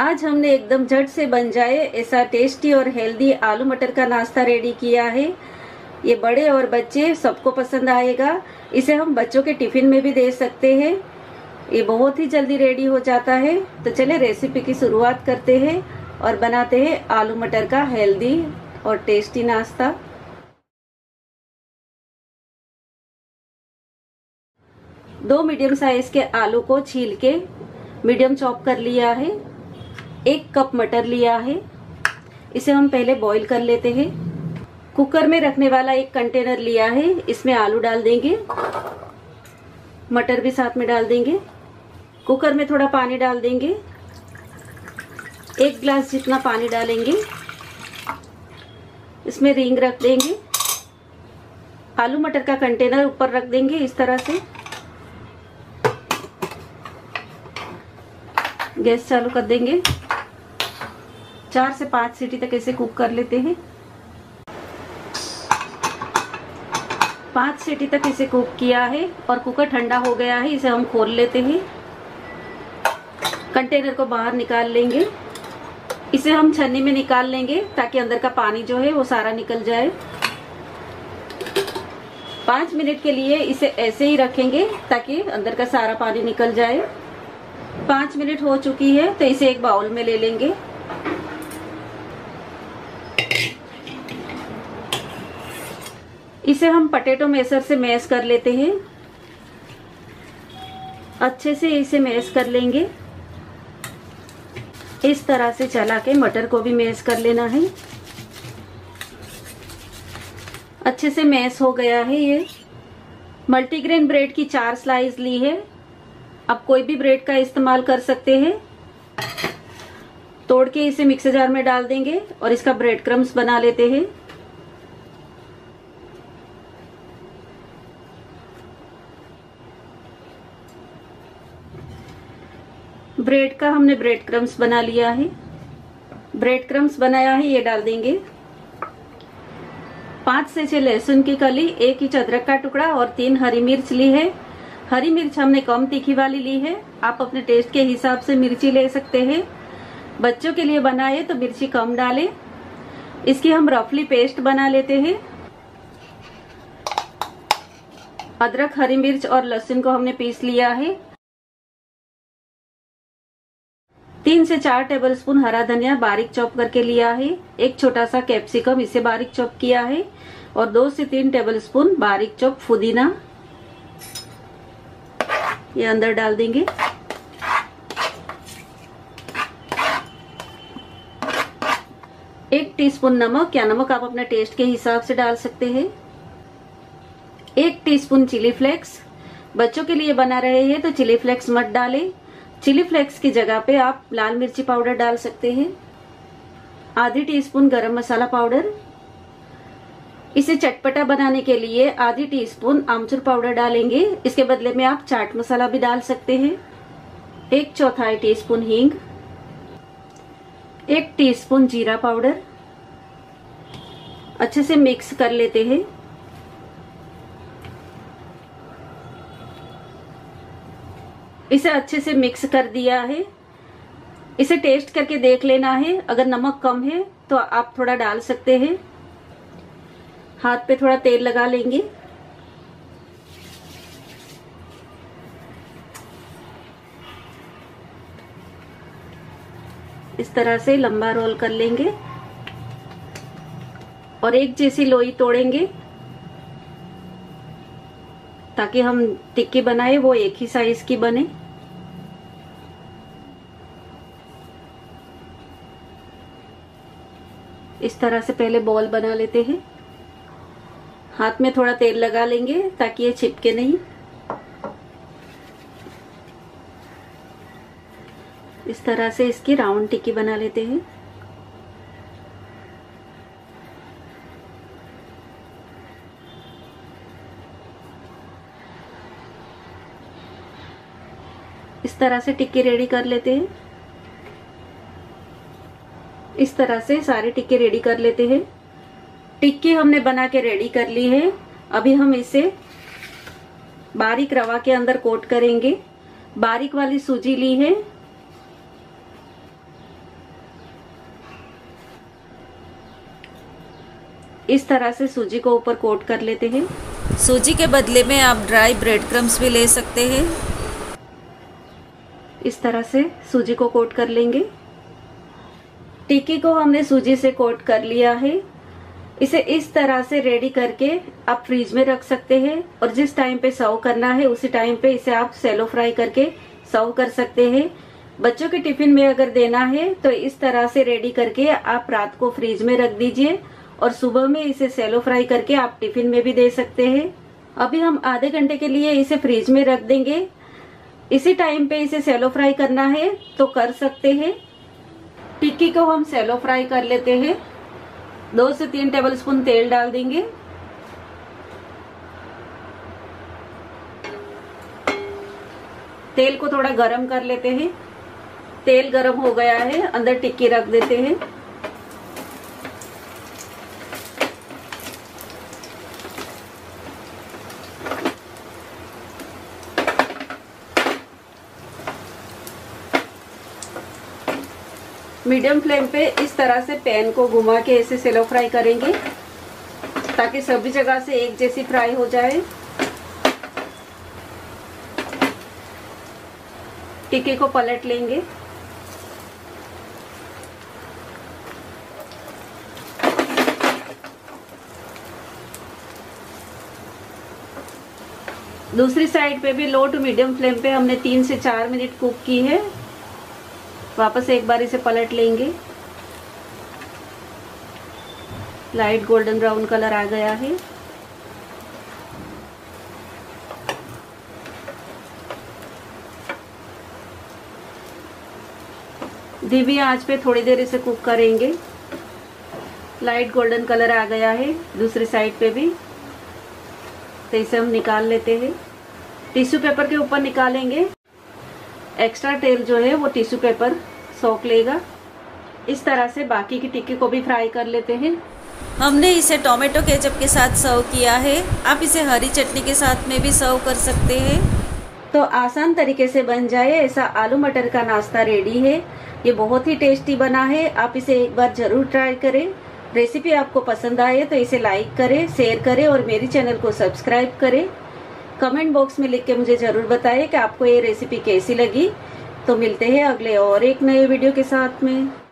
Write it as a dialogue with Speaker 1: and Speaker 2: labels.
Speaker 1: आज हमने एकदम झट से बन जाए ऐसा टेस्टी और हेल्दी आलू मटर का नाश्ता रेडी किया है ये बड़े और बच्चे सबको पसंद आएगा इसे हम बच्चों के टिफिन में भी दे सकते हैं ये बहुत ही जल्दी रेडी हो जाता है तो चले रेसिपी की शुरुआत करते हैं और बनाते हैं आलू मटर का हेल्दी और टेस्टी नाश्ता दो मीडियम साइज के आलू को छील के मीडियम चॉप कर लिया है एक कप मटर लिया है इसे हम पहले बॉईल कर लेते हैं कुकर में रखने वाला एक कंटेनर लिया है इसमें आलू डाल देंगे मटर भी साथ में डाल देंगे कुकर में थोड़ा पानी डाल देंगे एक ग्लास जितना पानी डालेंगे इसमें रिंग रख देंगे आलू मटर का कंटेनर ऊपर रख देंगे इस तरह से गैस चालू कर देंगे चार से पांच सीटी तक ऐसे कुक कर लेते हैं पांच सीटी तक इसे कुक किया है और कुकर ठंडा हो गया है इसे हम खोल लेते हैं कंटेनर को बाहर निकाल लेंगे इसे हम छन्नी में निकाल लेंगे ताकि अंदर का पानी जो है वो सारा निकल जाए पांच मिनट के लिए इसे ऐसे ही रखेंगे ताकि अंदर का सारा पानी निकल जाए पांच मिनट हो चुकी है तो इसे एक बाउल में ले लेंगे इसे हम पटेटो मेसर से मैस कर लेते हैं अच्छे से इसे मैस कर लेंगे इस तरह से चला के मटर को भी मैस कर लेना है अच्छे से मैस हो गया है ये मल्टीग्रेन ब्रेड की चार स्लाइस ली है आप कोई भी ब्रेड का इस्तेमाल कर सकते हैं तोड़ के इसे मिक्सर जार में डाल देंगे और इसका ब्रेड क्रम्स बना लेते हैं ब्रेड का हमने ब्रेड क्रम्स बना लिया है ब्रेड क्रम्स बनाया है ये डाल देंगे पांच से छह लहसुन की कली एक इंच अदरक का टुकड़ा और तीन हरी मिर्च ली है हरी मिर्च हमने कम तीखी वाली ली है आप अपने टेस्ट के हिसाब से मिर्ची ले सकते हैं बच्चों के लिए बनाए तो मिर्ची कम डालें इसकी हम रफली पेस्ट बना लेते हैं अदरक हरी मिर्च और लहसुन को हमने पीस लिया है से चार टेबलस्पून हरा धनिया बारीक चॉप करके लिया है एक छोटा सा कैप्सिकम इसे बारीक चॉप किया है और दो से तीन टेबलस्पून बारीक चॉप फुदीना ये अंदर डाल देंगे एक टीस्पून नमक या नमक आप अपने टेस्ट के हिसाब से डाल सकते हैं एक टीस्पून चिली फ्लेक्स बच्चों के लिए बना रहे हैं तो चिली फ्लेक्स मत डालें चिली फ्लेक्स की जगह पे आप लाल मिर्ची पाउडर डाल सकते हैं आधी टीस्पून गरम मसाला पाउडर इसे चटपटा बनाने के लिए आधी टीस्पून आमचूर पाउडर डालेंगे इसके बदले में आप चाट मसाला भी डाल सकते हैं एक चौथाई टीस्पून हींग एक टीस्पून जीरा पाउडर अच्छे से मिक्स कर लेते हैं इसे अच्छे से मिक्स कर दिया है इसे टेस्ट करके देख लेना है अगर नमक कम है तो आप थोड़ा डाल सकते हैं हाथ पे थोड़ा तेल लगा लेंगे इस तरह से लंबा रोल कर लेंगे और एक जैसी लोई तोड़ेंगे ताकि हम टिक्की बनाए वो एक ही साइज की बने इस तरह से पहले बॉल बना लेते हैं हाथ में थोड़ा तेल लगा लेंगे ताकि ये चिपके नहीं इस तरह से इसकी राउंड टिक्की बना लेते हैं इस तरह से टिक्के रेडी कर लेते हैं इस तरह से सारे टिक्के रेडी कर लेते हैं टिक्के हमने बना के रेडी कर ली है अभी हम इसे बारीक रवा के अंदर कोट करेंगे बारीक वाली सूजी ली है इस तरह से सूजी को ऊपर कोट कर लेते हैं सूजी के बदले में आप ड्राई ब्रेड क्रम्स भी ले सकते हैं इस तरह से सूजी को कोट कर लेंगे टिक्की को हमने सूजी से कोट कर लिया है इसे इस तरह से रेडी करके आप फ्रीज में रख सकते हैं और जिस टाइम पे सर्व करना है उसी टाइम पे इसे आप सेलो फ्राई करके सर्व कर सकते हैं बच्चों के टिफिन में अगर देना है तो इस तरह से रेडी करके आप रात को फ्रीज में रख दीजिए और सुबह में इसे सेलो फ्राई करके आप टिफिन में भी दे सकते हैं अभी हम आधे घंटे के लिए इसे फ्रीज में रख देंगे इसी टाइम पे इसे सेलो फ्राई करना है तो कर सकते हैं टिक्की को हम सेलो फ्राई कर लेते हैं दो से तीन टेबल स्पून तेल डाल देंगे तेल को थोड़ा गरम कर लेते हैं तेल गरम हो गया है अंदर टिक्की रख देते हैं मीडियम फ्लेम पे इस तरह से पैन को घुमा के ऐसे सेलो फ्राई करेंगे ताकि सभी जगह से एक जैसी फ्राई हो जाए टिक्के को पलट लेंगे दूसरी साइड पे भी लो टू मीडियम फ्लेम पे हमने तीन से चार मिनट कुक की है वापस एक बार इसे पलट लेंगे लाइट गोल्डन ब्राउन कलर आ गया है धीमी आज पे थोड़ी देर इसे कुक करेंगे लाइट गोल्डन कलर आ गया है दूसरी साइड पे भी तो इसे हम निकाल लेते हैं टिश्यू पेपर के ऊपर निकालेंगे एक्स्ट्रा तेल जो है वो टिश्यू पेपर सोख लेगा इस तरह से बाकी की टिक्की को भी फ्राई कर लेते हैं हमने इसे टोमेटो केचप के साथ सर्व किया है आप इसे हरी चटनी के साथ में भी सर्व कर सकते हैं तो आसान तरीके से बन जाए ऐसा आलू मटर का नाश्ता रेडी है ये बहुत ही टेस्टी बना है आप इसे एक बार जरूर ट्राई करें रेसिपी आपको पसंद आए तो इसे लाइक करें शेयर करें और मेरे चैनल को सब्सक्राइब करें कमेंट बॉक्स में लिख के मुझे ज़रूर बताइए कि आपको ये रेसिपी कैसी लगी तो मिलते हैं अगले और एक नए वीडियो के साथ में